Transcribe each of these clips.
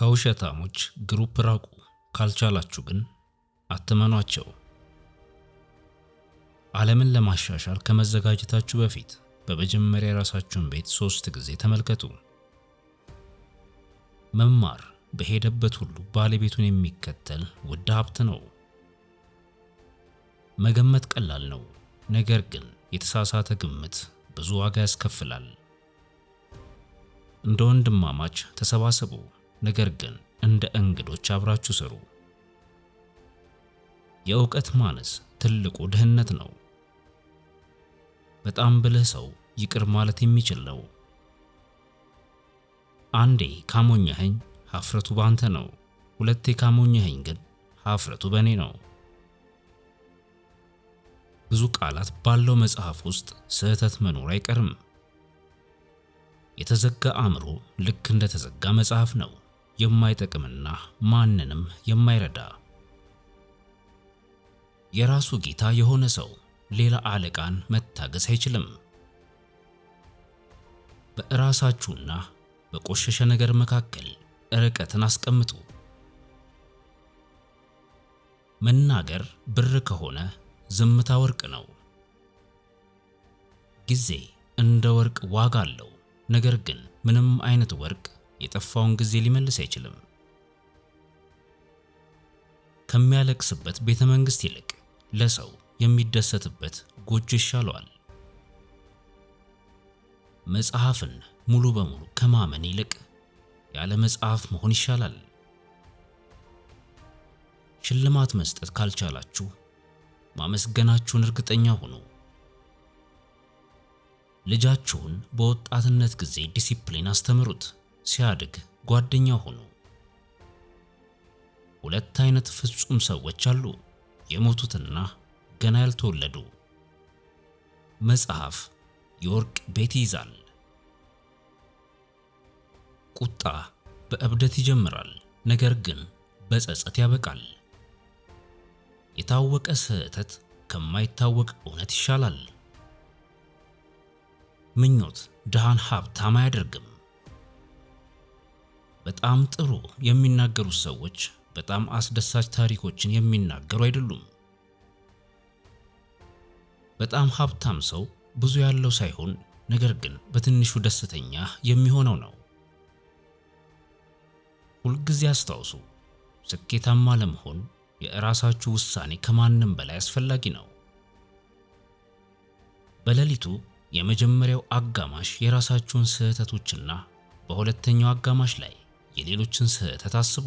ከውሸታሞች ግሩፕ ራቁ። ካልቻላችሁ ግን አትመኗቸው። ዓለምን ለማሻሻል ከመዘጋጀታችሁ በፊት በመጀመሪያ የራሳችሁን ቤት ሶስት ጊዜ ተመልከቱ። መማር በሄደበት ሁሉ ባለቤቱን የሚከተል ውድ ሀብት ነው። መገመት ቀላል ነው፣ ነገር ግን የተሳሳተ ግምት ብዙ ዋጋ ያስከፍላል። እንደ ወንድማማች ተሰባሰቡ። ነገር ግን እንደ እንግዶች አብራችሁ ስሩ። የእውቀት ማነስ ትልቁ ድህነት ነው። በጣም ብልህ ሰው ይቅር ማለት የሚችል ነው። አንዴ ካሞኘኸኝ ሀፍረቱ ባንተ ነው። ሁለቴ ካሞኘኸኝ ግን ሀፍረቱ በእኔ ነው። ብዙ ቃላት ባለው መጽሐፍ ውስጥ ስህተት መኖር አይቀርም። የተዘጋ አእምሮ ልክ እንደተዘጋ መጽሐፍ ነው። የማይጠቅምና ማንንም የማይረዳ የራሱ ጌታ የሆነ ሰው ሌላ አለቃን መታገስ አይችልም። በራሳችሁና በቆሸሸ ነገር መካከል ርቀትን አስቀምጡ። መናገር ብር ከሆነ ዝምታ ወርቅ ነው። ጊዜ እንደ ወርቅ ዋጋ አለው፣ ነገር ግን ምንም አይነት ወርቅ የጠፋውን ጊዜ ሊመልስ አይችልም። ከሚያለቅስበት ቤተ መንግሥት ይልቅ ለሰው የሚደሰትበት ጎጆ ይሻለዋል። መጽሐፍን ሙሉ በሙሉ ከማመን ይልቅ ያለ መጽሐፍ መሆን ይሻላል። ሽልማት መስጠት ካልቻላችሁ ማመስገናችሁን እርግጠኛ ሁኑ። ልጃችሁን በወጣትነት ጊዜ ዲሲፕሊን አስተምሩት። ሲያድግ ጓደኛ ሆኑ። ሁለት አይነት ፍጹም ሰዎች አሉ፣ የሞቱትና ገና ያልተወለዱ። መጽሐፍ የወርቅ ቤት ይይዛል። ቁጣ በእብደት ይጀምራል፣ ነገር ግን በጸጸት ያበቃል። የታወቀ ስህተት ከማይታወቅ እውነት ይሻላል። ምኞት ድሃን ሀብታም አያደርግም። በጣም ጥሩ የሚናገሩት ሰዎች በጣም አስደሳች ታሪኮችን የሚናገሩ አይደሉም። በጣም ሀብታም ሰው ብዙ ያለው ሳይሆን ነገር ግን በትንሹ ደስተኛ የሚሆነው ነው። ሁልጊዜ አስታውሱ፣ ስኬታማ ለመሆን የራሳችሁ ውሳኔ ከማንም በላይ አስፈላጊ ነው። በሌሊቱ የመጀመሪያው አጋማሽ የራሳችሁን ስህተቶችና በሁለተኛው አጋማሽ ላይ የሌሎችን ስህተት አስቡ።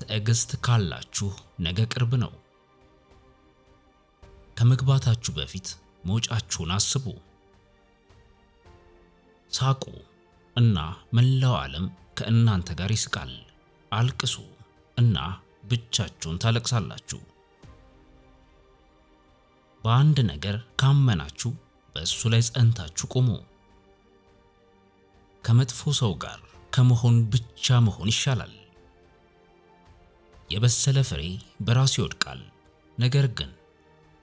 ትዕግስት ካላችሁ ነገ ቅርብ ነው። ከመግባታችሁ በፊት መውጫችሁን አስቡ። ሳቁ እና መላው ዓለም ከእናንተ ጋር ይስቃል። አልቅሱ እና ብቻችሁን ታለቅሳላችሁ። በአንድ ነገር ካመናችሁ በእሱ ላይ ጸንታችሁ ቁሙ። ከመጥፎ ሰው ጋር ከመሆን ብቻ መሆን ይሻላል። የበሰለ ፍሬ በራሱ ይወድቃል፣ ነገር ግን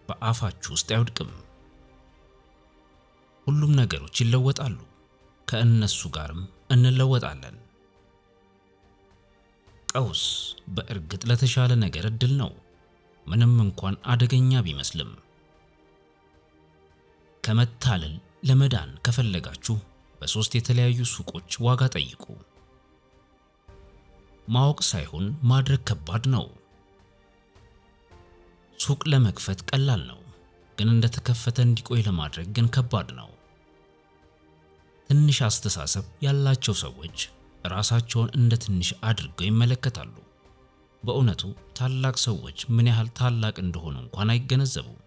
በአፋችሁ ውስጥ አይወድቅም። ሁሉም ነገሮች ይለወጣሉ፣ ከእነሱ ጋርም እንለወጣለን። ቀውስ በእርግጥ ለተሻለ ነገር እድል ነው፣ ምንም እንኳን አደገኛ ቢመስልም። ከመታለል ለመዳን ከፈለጋችሁ በሶስት የተለያዩ ሱቆች ዋጋ ጠይቁ። ማወቅ ሳይሆን ማድረግ ከባድ ነው። ሱቅ ለመክፈት ቀላል ነው፣ ግን እንደተከፈተ እንዲቆይ ለማድረግ ግን ከባድ ነው። ትንሽ አስተሳሰብ ያላቸው ሰዎች ራሳቸውን እንደ ትንሽ አድርገው ይመለከታሉ። በእውነቱ ታላቅ ሰዎች ምን ያህል ታላቅ እንደሆኑ እንኳን አይገነዘቡም።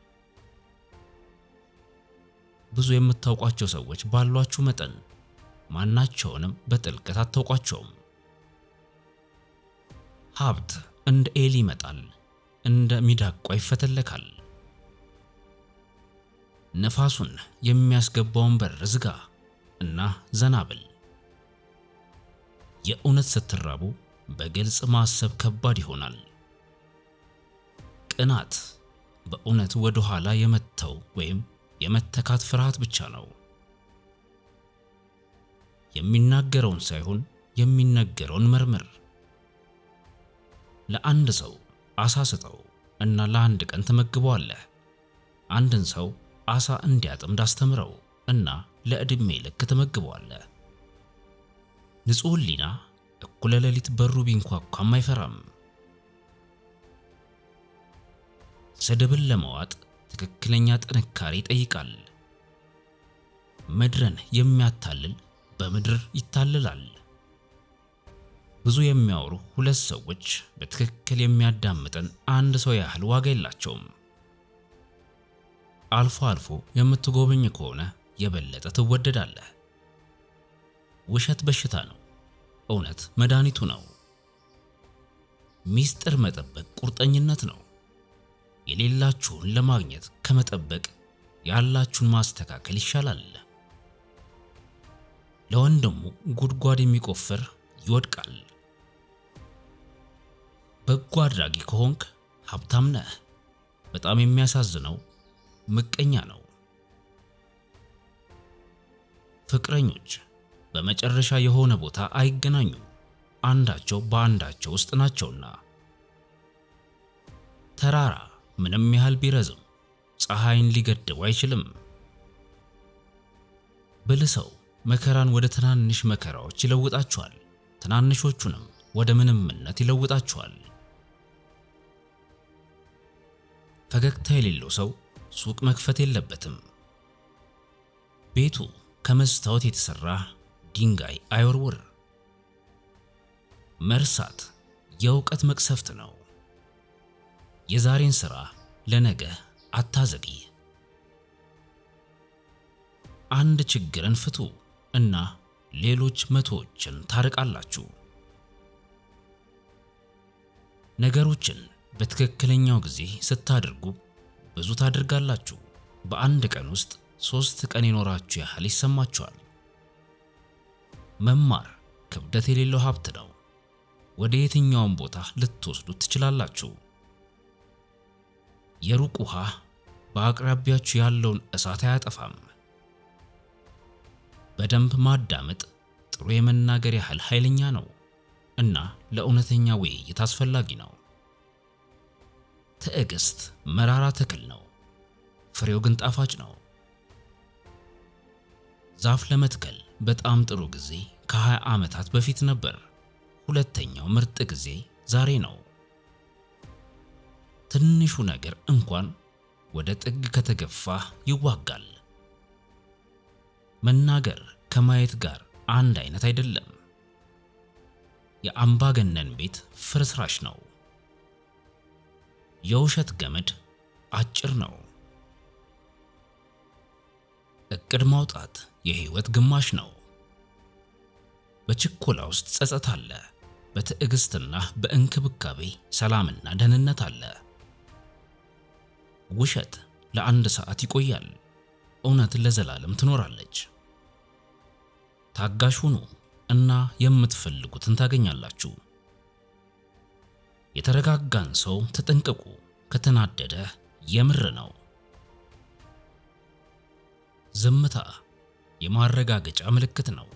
ብዙ የምታውቋቸው ሰዎች ባሏችሁ መጠን ማናቸውንም በጥልቀት አታውቋቸውም። ሀብት እንደ ኤሊ ይመጣል፣ እንደ ሚዳቋ ይፈተለካል። ነፋሱን የሚያስገባውን በር ዝጋ እና ዘና ብል። የእውነት ስትራቡ በግልጽ ማሰብ ከባድ ይሆናል። ቅናት በእውነት ወደ ኋላ የመተው ወይም የመተካት ፍርሃት ብቻ ነው። የሚናገረውን ሳይሆን የሚነገረውን መርምር። ለአንድ ሰው አሳ ስጠው እና ለአንድ ቀን ትመግበዋለህ። አንድን ሰው አሳ እንዲያጥምድ አስተምረው እና ለዕድሜ ልክ ትመግበዋለህ። ንጹሕ ሕሊና እኩለ ሌሊት በሩ ቢንኳኳም አይፈራም። ስድብን ለመዋጥ ትክክለኛ ጥንካሬ ይጠይቃል። ምድርን የሚያታልል በምድር ይታለላል። ብዙ የሚያወሩ ሁለት ሰዎች በትክክል የሚያዳምጠን አንድ ሰው ያህል ዋጋ የላቸውም። አልፎ አልፎ የምትጎበኝ ከሆነ የበለጠ ትወደዳለህ። ውሸት በሽታ ነው፣ እውነት መድኃኒቱ ነው። ሚስጥር መጠበቅ ቁርጠኝነት ነው። የሌላችሁን ለማግኘት ከመጠበቅ ያላችሁን ማስተካከል ይሻላል። ለወንድሙ ጉድጓድ የሚቆፍር ይወድቃል። በጎ አድራጊ ከሆንክ ሀብታም ነህ። በጣም የሚያሳዝነው ምቀኛ ነው። ፍቅረኞች በመጨረሻ የሆነ ቦታ አይገናኙም፣ አንዳቸው በአንዳቸው ውስጥ ናቸውና። ተራራ ምንም ያህል ቢረዝም ፀሐይን ሊገድብ አይችልም። ብልህ ሰው መከራን ወደ ትናንሽ መከራዎች ይለውጣቸዋል! ትናንሾቹንም ወደ ምንምነት ይለውጣቸዋል! ፈገግታ የሌለው ሰው ሱቅ መክፈት የለበትም። ቤቱ ከመስታወት የተሰራ ድንጋይ አይወርውር። መርሳት የእውቀት መቅሰፍት ነው። የዛሬን ሥራ ለነገ አታዘግይ። አንድ ችግርን ፍቱ። እና ሌሎች መቶዎችን ታርቃላችሁ። ነገሮችን በትክክለኛው ጊዜ ስታደርጉ ብዙ ታደርጋላችሁ። በአንድ ቀን ውስጥ ሶስት ቀን የኖራችሁ ያህል ይሰማችኋል። መማር ክብደት የሌለው ሀብት ነው። ወደ የትኛውም ቦታ ልትወስዱት ትችላላችሁ። የሩቅ ውሃ በአቅራቢያችሁ ያለውን እሳት አያጠፋም። በደንብ ማዳመጥ ጥሩ የመናገር ያህል ኃይለኛ ነው እና ለእውነተኛ ውይይት አስፈላጊ ነው። ትዕግስት መራራ ተክል ነው፣ ፍሬው ግን ጣፋጭ ነው። ዛፍ ለመትከል በጣም ጥሩ ጊዜ ከ20 ዓመታት በፊት ነበር። ሁለተኛው ምርጥ ጊዜ ዛሬ ነው። ትንሹ ነገር እንኳን ወደ ጥግ ከተገፋ ይዋጋል። መናገር ከማየት ጋር አንድ አይነት አይደለም። የአምባገነን ቤት ፍርስራሽ ነው። የውሸት ገመድ አጭር ነው። እቅድ ማውጣት የህይወት ግማሽ ነው። በችኮላ ውስጥ ጸጸት አለ። በትዕግስትና በእንክብካቤ ሰላምና ደህንነት አለ። ውሸት ለአንድ ሰዓት ይቆያል። እውነት ለዘላለም ትኖራለች። ታጋሽ ሁኑ እና የምትፈልጉትን ታገኛላችሁ። የተረጋጋን ሰው ተጠንቀቁ፣ ከተናደደ የምር ነው። ዝምታ የማረጋገጫ ምልክት ነው።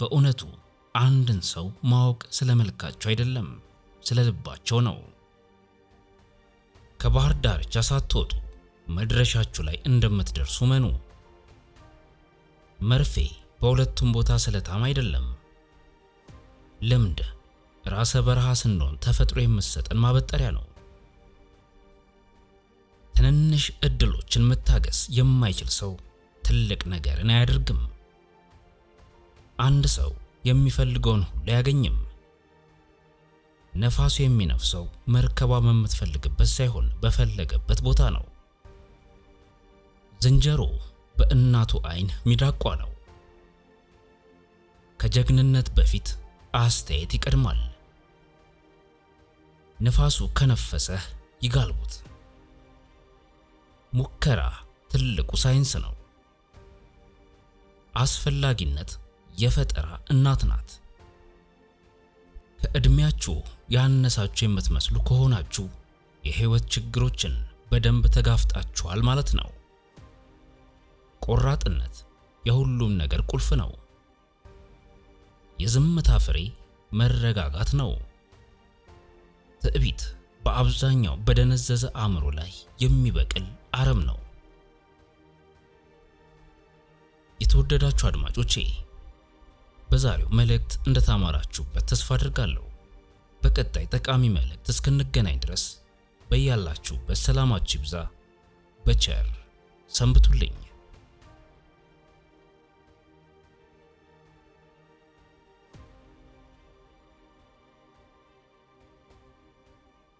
በእውነቱ አንድን ሰው ማወቅ ስለ መልካቸው አይደለም፣ ስለ ልባቸው ነው። ከባህር ዳርቻ ሳትወጡ መድረሻችሁ ላይ እንደምትደርሱ መኑ። መርፌ በሁለቱም ቦታ ስለታም አይደለም። ልምድ ራሰ በረሃ ስንሆን ተፈጥሮ የምትሰጠን ማበጠሪያ ነው። ትንንሽ እድሎችን መታገስ የማይችል ሰው ትልቅ ነገርን አያደርግም። አንድ ሰው የሚፈልገውን ሁሉ አያገኝም። ነፋሱ የሚነፍሰው መርከቧ በምትፈልግበት ሳይሆን በፈለገበት ቦታ ነው። ዝንጀሮ በእናቱ አይን ሚዳቋ ነው። ከጀግንነት በፊት አስተያየት ይቀድማል። ነፋሱ ከነፈሰ ይጋልቡት። ሙከራ ትልቁ ሳይንስ ነው። አስፈላጊነት የፈጠራ እናት ናት። ከዕድሜያችሁ ያነሳችሁ የምትመስሉ ከሆናችሁ የህይወት ችግሮችን በደንብ ተጋፍጣችኋል ማለት ነው። ቆራጥነት የሁሉም ነገር ቁልፍ ነው። የዝምታ ፍሬ መረጋጋት ነው። ትዕቢት በአብዛኛው በደነዘዘ አእምሮ ላይ የሚበቅል አረም ነው። የተወደዳችሁ አድማጮቼ በዛሬው መልእክት እንደታማራችሁበት ተስፋ አድርጋለሁ። በቀጣይ ጠቃሚ መልእክት እስክንገናኝ ድረስ በያላችሁበት ሰላማችሁ ይብዛ። በቸር ሰንብቱልኝ።